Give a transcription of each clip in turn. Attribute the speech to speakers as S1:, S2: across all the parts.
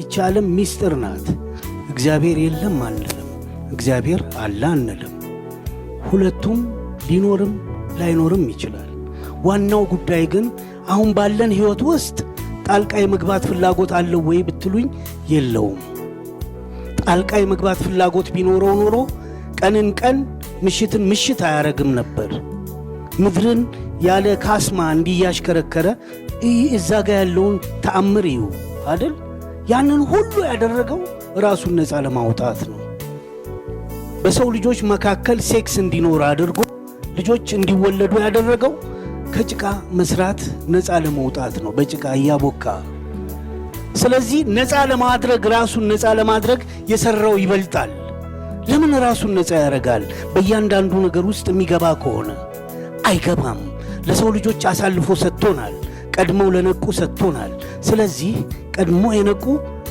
S1: ይቺ ዓለም ሚስጥር ናት። እግዚአብሔር የለም አንልም፣ እግዚአብሔር አለ አንልም። ሁለቱም ሊኖርም ላይኖርም ይችላል። ዋናው ጉዳይ ግን አሁን ባለን ሕይወት ውስጥ ጣልቃ የመግባት ፍላጎት አለው ወይ ብትሉኝ፣ የለውም። ጣልቃ የመግባት ፍላጎት ቢኖረው ኖሮ ቀንን ቀን ምሽትን ምሽት አያረግም ነበር። ምድርን ያለ ካስማ እንዲያሽከረከረ እዛ ጋ ያለውን ተአምር ይዩ አደል ያንን ሁሉ ያደረገው ራሱን ነፃ ለማውጣት ነው። በሰው ልጆች መካከል ሴክስ እንዲኖር አድርጎ ልጆች እንዲወለዱ ያደረገው ከጭቃ መስራት ነፃ ለመውጣት ነው፣ በጭቃ እያቦካ። ስለዚህ ነፃ ለማድረግ ራሱን ነፃ ለማድረግ የሰራው ይበልጣል። ለምን ራሱን ነፃ ያደርጋል? በእያንዳንዱ ነገር ውስጥ የሚገባ ከሆነ አይገባም። ለሰው ልጆች አሳልፎ ሰጥቶናል። ቀድመው ለነቁ ሰጥቶናል። ስለዚህ ቀድሞ የነቁ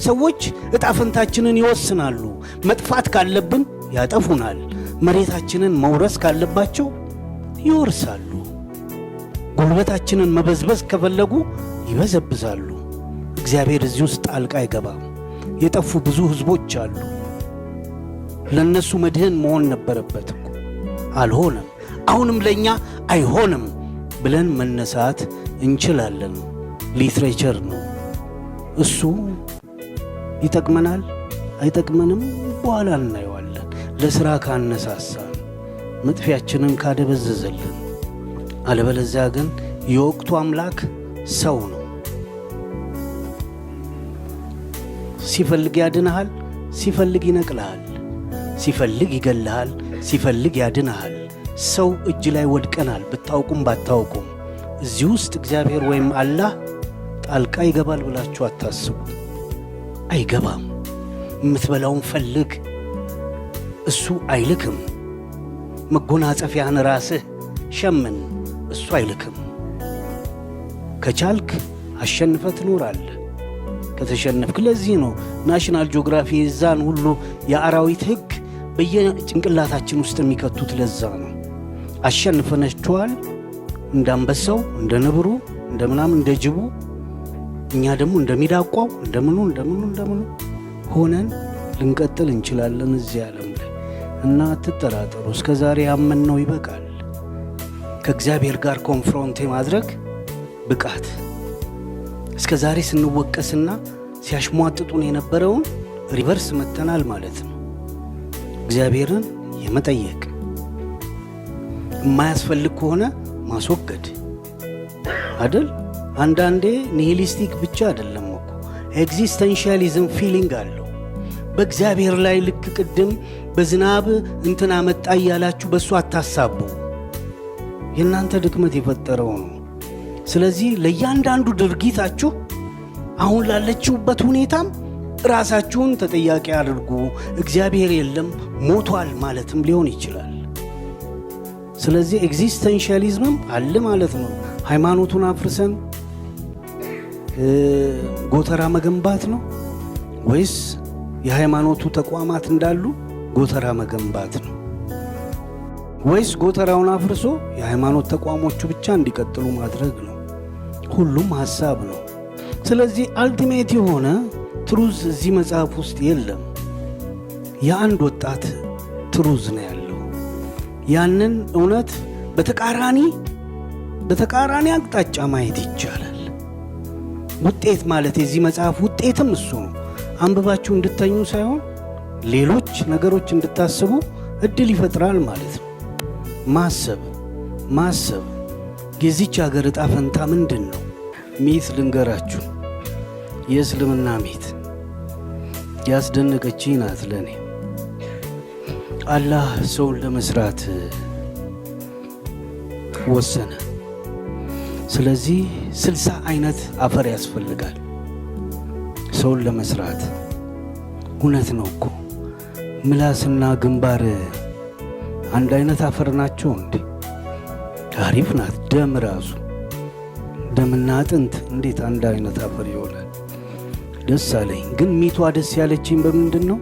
S1: ሰዎች እጣፈንታችንን ይወስናሉ። መጥፋት ካለብን ያጠፉናል። መሬታችንን መውረስ ካለባቸው ይወርሳሉ። ጉልበታችንን መበዝበዝ ከፈለጉ ይበዘብዛሉ። እግዚአብሔር እዚህ ውስጥ ጣልቃ አይገባም። የጠፉ ብዙ ሕዝቦች አሉ። ለእነሱ መድህን መሆን ነበረበት አልሆነም። አሁንም ለእኛ አይሆንም ብለን መነሳት እንችላለን። ሊትሬቸር ነው እሱ። ይጠቅመናል አይጠቅመንም በኋላ እናየዋለን። ለሥራ ካነሳሳን፣ መጥፊያችንን ካደበዘዘልን፣ አለበለዚያ ግን የወቅቱ አምላክ ሰው ነው። ሲፈልግ ያድንሃል፣ ሲፈልግ ይነቅልሃል፣ ሲፈልግ ይገልሃል፣ ሲፈልግ ያድንሃል። ሰው እጅ ላይ ወድቀናል፣ ብታውቁም ባታውቁም እዚህ ውስጥ እግዚአብሔር ወይም አላህ ጣልቃ ይገባል ብላችሁ አታስቡ። አይገባም። የምትበላውን ፈልግ፣ እሱ አይልክም። መጎናጸፊያን ራስህ ሸምን፣ እሱ አይልክም። ከቻልክ አሸንፈ ትኖራል ከተሸነፍክ። ለዚህ ነው ናሽናል ጂኦግራፊ የዛን ሁሉ የአራዊት ህግ በየጭንቅላታችን ውስጥ የሚከቱት። ለዛ ነው አሸንፈነችዋል እንደ አንበሳው፣ እንደ ነብሩ፣ እንደ ምናምን፣ እንደ ጅቡ እኛ ደግሞ እንደሚዳቋው እንደምኑ እንደምኑ እንደምኑ ሆነን ልንቀጥል እንችላለን እዚህ ዓለም ላይ እና አትጠራጠሩ። እስከ ዛሬ ያመን ነው ይበቃል። ከእግዚአብሔር ጋር ኮንፍሮንት የማድረግ ብቃት እስከ ዛሬ ስንወቀስና ሲያሽሟጥጡን የነበረውን ሪቨርስ መተናል ማለት ነው። እግዚአብሔርን የመጠየቅ የማያስፈልግ ከሆነ ማስወገድ አደል። አንዳንዴ ኒሂሊስቲክ ብቻ አይደለም እኮ ኤግዚስተንሻሊዝም ፊሊንግ አለው በእግዚአብሔር ላይ። ልክ ቅድም በዝናብ እንትን አመጣ እያላችሁ በእሱ አታሳቡ። የእናንተ ድክመት የፈጠረው ነው። ስለዚህ ለእያንዳንዱ ድርጊታችሁ አሁን ላለችሁበት ሁኔታም ራሳችሁን ተጠያቂ አድርጉ። እግዚአብሔር የለም ሞቷል ማለትም ሊሆን ይችላል። ስለዚህ ኤግዚስተንሻሊዝምም አለ ማለት ነው። ሃይማኖቱን አፍርሰን ጎተራ መገንባት ነው ወይስ የሃይማኖቱ ተቋማት እንዳሉ ጎተራ መገንባት ነው ወይስ ጎተራውን አፍርሶ የሃይማኖት ተቋሞቹ ብቻ እንዲቀጥሉ ማድረግ ነው? ሁሉም ሀሳብ ነው። ስለዚህ አልቲሜት የሆነ ትሩዝ እዚህ መጽሐፍ ውስጥ የለም። የአንድ ወጣት ትሩዝ ነው ያለ ያንን እውነት በተቃራኒ በተቃራኒ አቅጣጫ ማየት ይቻላል። ውጤት ማለት የዚህ መጽሐፍ ውጤትም እሱ ነው። አንብባችሁ እንድተኙ ሳይሆን ሌሎች ነገሮች እንድታስቡ እድል ይፈጥራል ማለት ነው። ማሰብ ማሰብ የዚች ሀገር እጣ ፈንታ ምንድን ነው? ሚት ልንገራችሁ፣ የእስልምና ሚት ያስደነቀችኝ ናት ለእኔ አላህ ሰውን ለመስራት ወሰነ። ስለዚህ ስልሳ አይነት አፈር ያስፈልጋል ሰውን ለመስራት። እውነት ነው እኮ ምላስና ግንባር አንድ አይነት አፈር ናቸው። እንዲ አሪፍ ናት። ደም ራሱ ደምና አጥንት እንዴት አንድ አይነት አፈር ይሆናል? ደስ አለኝ። ግን ሚቷ ደስ ያለችኝ በምንድን ነው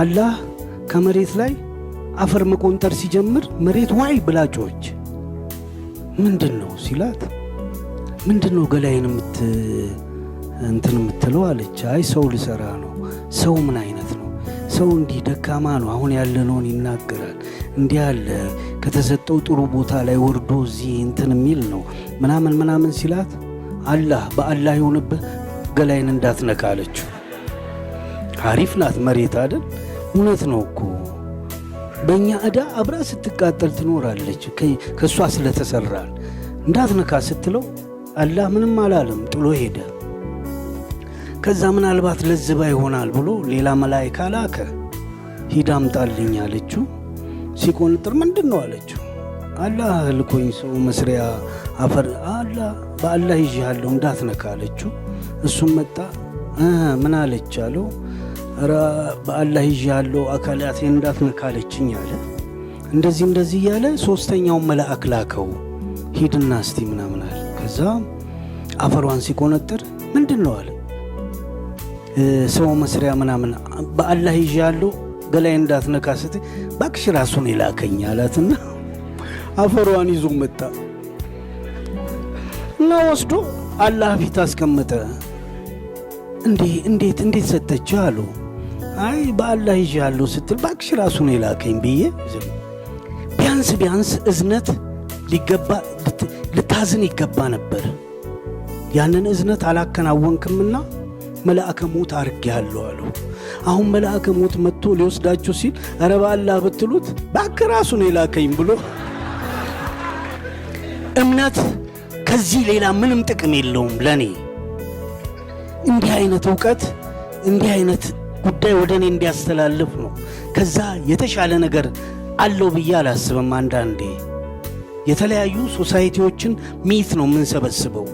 S1: አላህ ከመሬት ላይ አፈር መቆንጠር ሲጀምር መሬት ዋይ ብላጮች ምንድን ነው ሲላት፣ ምንድን ነው ገላይን እንትን የምትለው አለች። አይ ሰው ልሰራ ነው። ሰው ምን አይነት ነው? ሰው እንዲህ ደካማ ነው። አሁን ያለነውን ይናገራል። እንዲህ አለ ከተሰጠው ጥሩ ቦታ ላይ ወርዶ እዚህ እንትን የሚል ነው ምናምን ምናምን ሲላት፣ አላህ በአላህ የሆንብህ ገላይን እንዳትነካ አለችው። አሪፍ ናት መሬት አደል እውነት ነው እኮ በእኛ ዕዳ አብራ ስትቃጠል ትኖራለች። ከእሷ ስለተሰራል እንዳትነካ ስትለው አላህ ምንም አላለም፣ ጥሎ ሄደ። ከዛ ምናልባት ለዝባ ይሆናል ብሎ ሌላ መላይካ ላከ። ሂዳ አምጣልኝ አለችው። ሲቆንጥር ምንድን ነው አለችው። አላህ ልኮኝ ሰው መስሪያ አፈር አላ በአላህ ይዤሃለሁ እንዳትነካ አለችው። እሱም መጣ ምን አለች አለው ኧረ በአላህ ይዤ ያለው አካላቴን እንዳትነካለችኝ አለ። እንደዚህ እንደዚህ እያለ ሶስተኛውን መልአክ ላከው ሂድና እስቲ ምናምን አለ። ከዛ አፈሯን ሲቆነጥር ምንድን ነው አለ ሰው መስሪያ ምናምን በአላህ ይዤ ያለው ገላይ እንዳትነካ ስት ባክሽ ራሱን የላከኝ አላትና አፈሯን ይዞ መጣ እና ወስዶ አላህ ፊት አስቀመጠ። እንዴ እንዴት እንዴት ሰጠች አለው። አይ በአላህ ይዣለሁ ስትል ባክሽ ራሱ ነው የላከኝ ብዬ ቢያንስ ቢያንስ እዝነት ሊገባ ልታዝን ይገባ ነበር። ያንን እዝነት አላከናወንክምና መልአከ ሞት አድርጌሃለሁ አሉ። አሁን መልአከ ሞት መጥቶ ሊወስዳችሁ ሲል ኧረ በአላህ ብትሉት ባክ ራሱ ነው የላከኝ ብሎ እምነት ከዚህ ሌላ ምንም ጥቅም የለውም ለእኔ። እንዲህ አይነት እውቀት እንዲህ አይነት ጉዳይ ወደ እኔ እንዲያስተላልፍ ነው። ከዛ የተሻለ ነገር አለው ብዬ አላስብም። አንዳንዴ የተለያዩ ሶሳይቲዎችን ሚት ነው የምንሰበስበው።